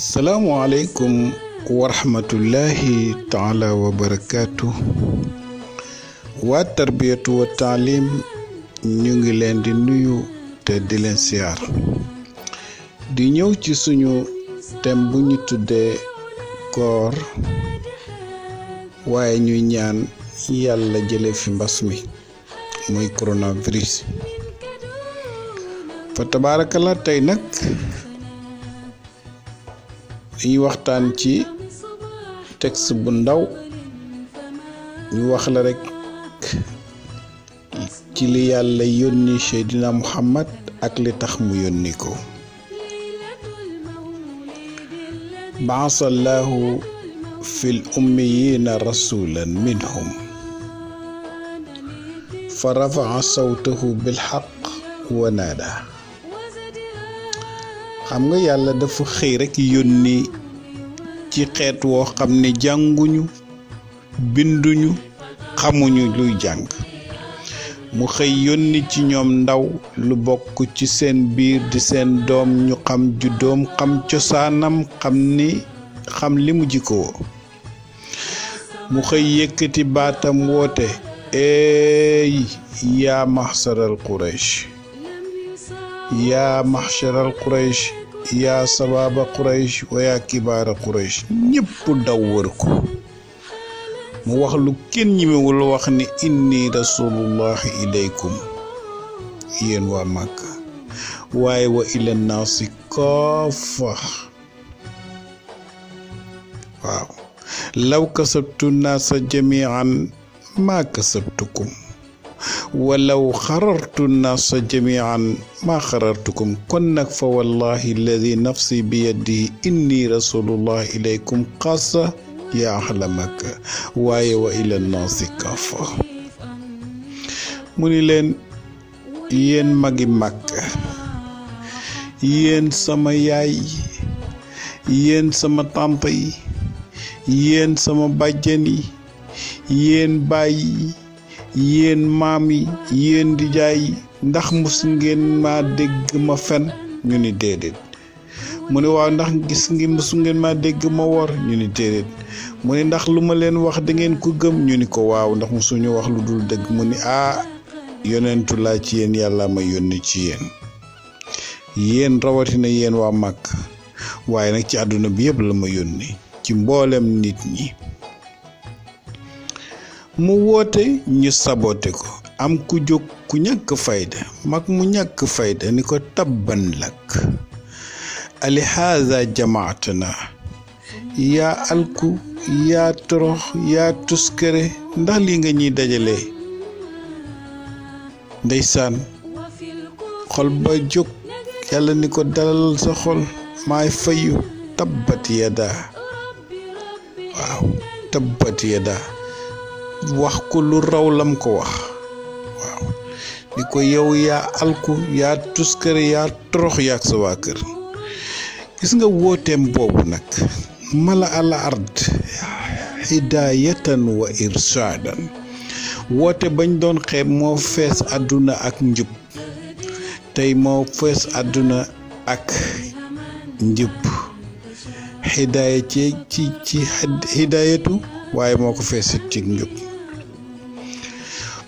salaamualeykum wa rahmatullahi taala wa barakaatu waa tarbiyatu taalim ñu ngi leen di nuyu te di leen siyaar di ñëw ci suñu thème bu ñu tuddee koor waaye ñuy ñaan yàlla jële fi mbas mi muy coronavirus fa tabaarakala tey nag dañuy waxtaan ci texte bu ndaw ñu wax la rekk ci li yàlla yónni Seydina Muhammad ak li tax mu yónni ko baasa allahu fi ummiyiina rasulan minhum fa rafaa xam nga yàlla dafa xëy rek yónni ci xeet woo xam ni jànguñu binduñu xamuñu luy jàng mu xëy yónni ci ñoom ndaw lu bokk ci seen biir di seen doom ñu xam doom xam cosaanam xam ni xam li mu jikkoo mu eey yaa maxsaral quraysh yaa maxsaral quraysh yaa sababa quraysh wa yaa kibaara quraysh ñëpp daw wër ko mu wax lu kenn ñimewul wax ne inni rasulullahi ilaykum yéen waa màkka waaye wa ila naasi kaafa waaw law kasabtu naasa jamian ما كسبتكم ولو خررت الناس جميعا ما خررتكم كنك فوالله الذي نفسي بيده إني رسول الله إليكم قاصة يا أهل مكة واي وإلى الناس كافة mu ين leen مكة ين màkk yéen sama yaay yéen sama tàmpa yi yéen baay yi yéen maam yi yéen dijaay yi ndax mus ngeen ma dégg ma fen ñu ni déedéet mu ne waaw ndax gis ngi mus ngeen ma dégg ma wor ñu ni déedéet mu ni ndax lu ma leen wax da ngeen ko gëm ñu ni ko waaw ndax musuñu wax lu dul dëgg mu ni ah yonentu laa ci yéen yàlla ma yónni ci yeen yéen rawatina yéen waa màkk waaye nag ci àdduna bi yëpp la ma yónni ci mbooleem nit ñi mu woote ñu saboote ko am ku jóg ku ñàkk fayda mag mu ñàkk fayda ni ko tabban lak alihaaza jamaatuna yaa alku yaa torox yaa tuskare ndax li nga ñuy dajale ndeysaan xol ba jóg yàlla ni ko dalal sa xol may fayu tabbat yadaa waaw wax ko lu raw lam ko wax waaw ko yow yaa alku yaa tuskare yaa torox yaag sa waa kër gis nga wooteem boobu nag mala ala hidaayatan wa irsaadan woote bañ doon xeeb moo fees àdduna ak njub tey moo àdduna ak njub hidaaya ci ci hidaayatu waaye moo ko feesit ci njub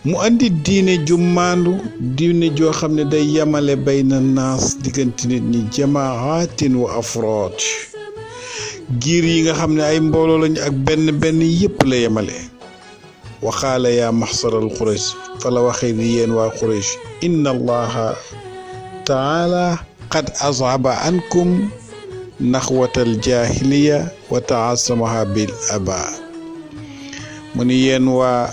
mu andi diine ju mandu diine joo xam ne day yamale bayna naas diggante nit ñi jamaatin wa afrood giir yi nga xam ne ay mbooloo lañu ak benn benn yépp la yemale waxaala yaa maxsaral xureys fa la waxee ni yéen waa xureys inna allaha taala qad azaba ankum naxwatal jaahiliya wa taasamaha bil aba mu ni yéen waa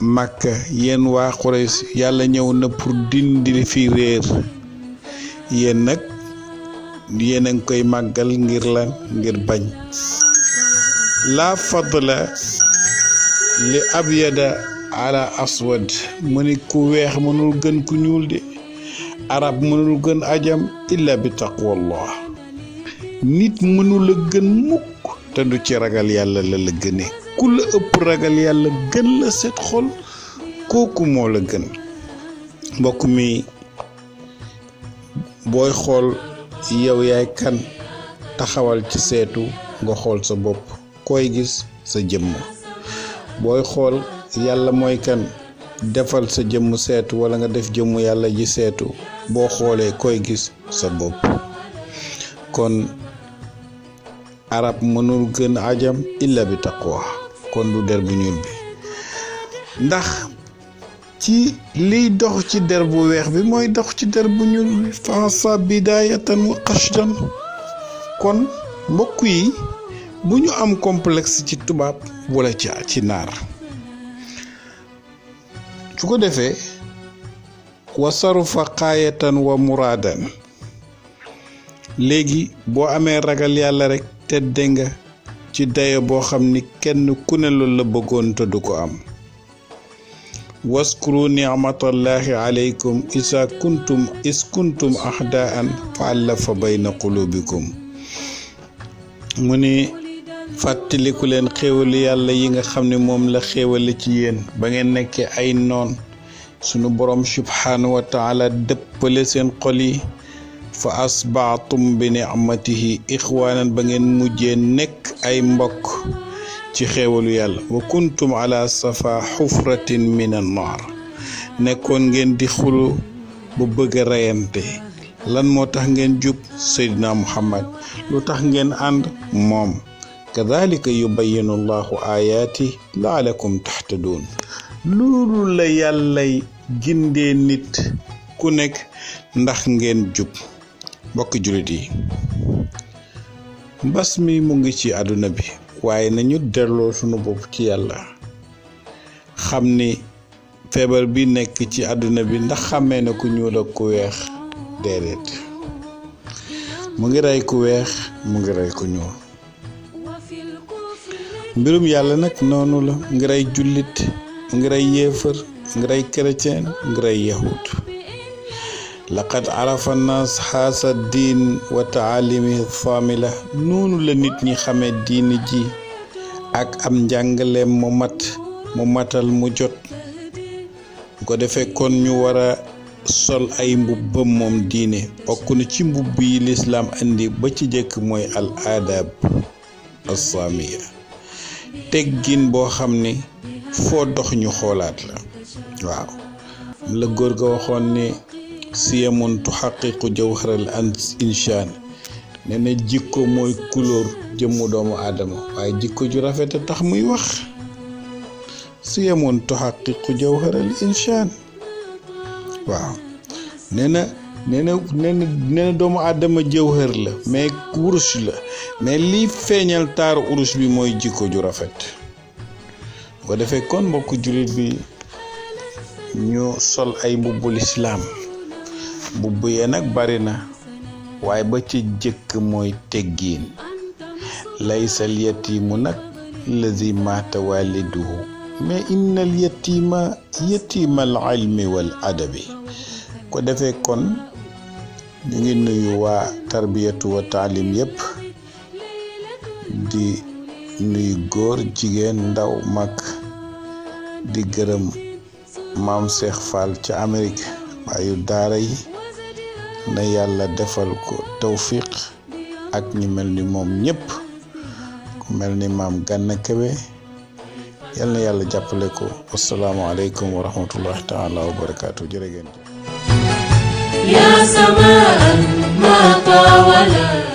màkka yenn waa Quraysh yàlla ñëw na pour dindi fi réer yéen nag yéen ngi koy màggal ngir la ngir bañ laa fadla li abyada ala aswad mu ni ku weex mënul gën ku ñuul de arab mënul gën ajam illa bi taqwallah nit mënul a gën mukk te du ci ragal yàlla la la gënee ku la ëpp ragal yàlla gën la set xol kooku moo la gën mbokk mi booy xool yow yaay kan taxawal ci seetu nga xool sa bopp koy gis sa jëmm booy xool yàlla mooy kan defal sa jëmm seetu wala nga def jëmmu yàlla ji seetu boo xoolee koy gis sa bopp kon arab mënul gën ajam illa bi taqwa kon du der bu ñuul bi ndax ci liy dox ci der bu weex bi mooy dox ci der bu ñuul bi faasa bidaayatan wa qashdan kon mbokk yi bu ñu am complexe ci tubaab wala ci ci naar su ko defee wa sarufa xaayatan wa muraadan léegi boo amee ragal yàlla rekk te nga ci dayo boo xam ni kenn ku ne loolu la bëggoon te du ko am waskuru nicmatallahi alaykum isa kuntum is kuntum axdaan fa allafa bayna mu ni fàttaliku leen xéewalu yàlla yi nga xam ni moom la xéewale ci yéen ba ngeen nekkee ay noon sunu boroom subhaanahu wa dëppale seen xol yi فأصبعتم بنعمته إخوانا بنين مجين نك أي مبك تخيول يال وكنتم على صفا حفرة من النار نكون جين دخول ببغ ريانتي لن موتاح جين جوب سيدنا محمد لوتاح جين أند موم كذلك يبين الله آياته لعلكم تحتدون لولو ليالي جندي نت كونك ndax ngeen jub mbokki jullit yi mbas mi mu ngi ci àdduna bi waaye nañu delloo sunu bopp ci yàlla xam ni feebar bi nekk ci àdduna bi ndax xàmmee na ku ñuul ak ku weex déedéet mu ngi rey ku weex mu ngi rey ku ñuul mbirum yàlla nag noonu la ngi rey jullit ngi rey yéefar ngi rey chrétien ngi rey yahut laqad arafa nas xaasa diin wa taalimi faamila noonu la nit ñi xamee diini ji ak am njàngaleem mu mat mu matal mu jot bu ko defee kon ñu war a sol ay mbubbam moom diine bokk na ci mbubb yi lislaam indi ba ci jëkk mooy al aadab assaamiya teggin boo xam ni foo dox ñu xoolaat la waaw la góor ga waxoon ni siyamun tuxaqiqu jawharal insaan nee na jikko mooy couleur jëmmu doomu aadama waaye jikko ju rafet a tax muy wax siyamun tuxaqiqu jawharal insaan waaw nee na nee na nee na doomu aadama jawhar la mais wurus la mais liy feeñal taaru wurus bi mooy jikko ju rafet bu ko defee kon mbokk jullit bi ñu sol ay mbubbul islaam mbubb ya nag bari na waaye ba ci jëkk mooy teggiin laysal yatiimu nag lazi maata waaliduhu mais innal yatiima yatiimal adabi ko defee kon ñu ngi nuyu waa tarbiyatu taalim yépp di nuyu góor jigéen ndaw mag di gërëm maam Cheikh Fall ca Amérique baayu daara yi na yàlla defal ko tawfiq ak ñu mel ni moom ñëpp mel ni maam Gana Kebe yal na yàlla jàppale ko wasalaamualeykum wa rahmatullahi taala wa barakaatu jërë ngeen jëf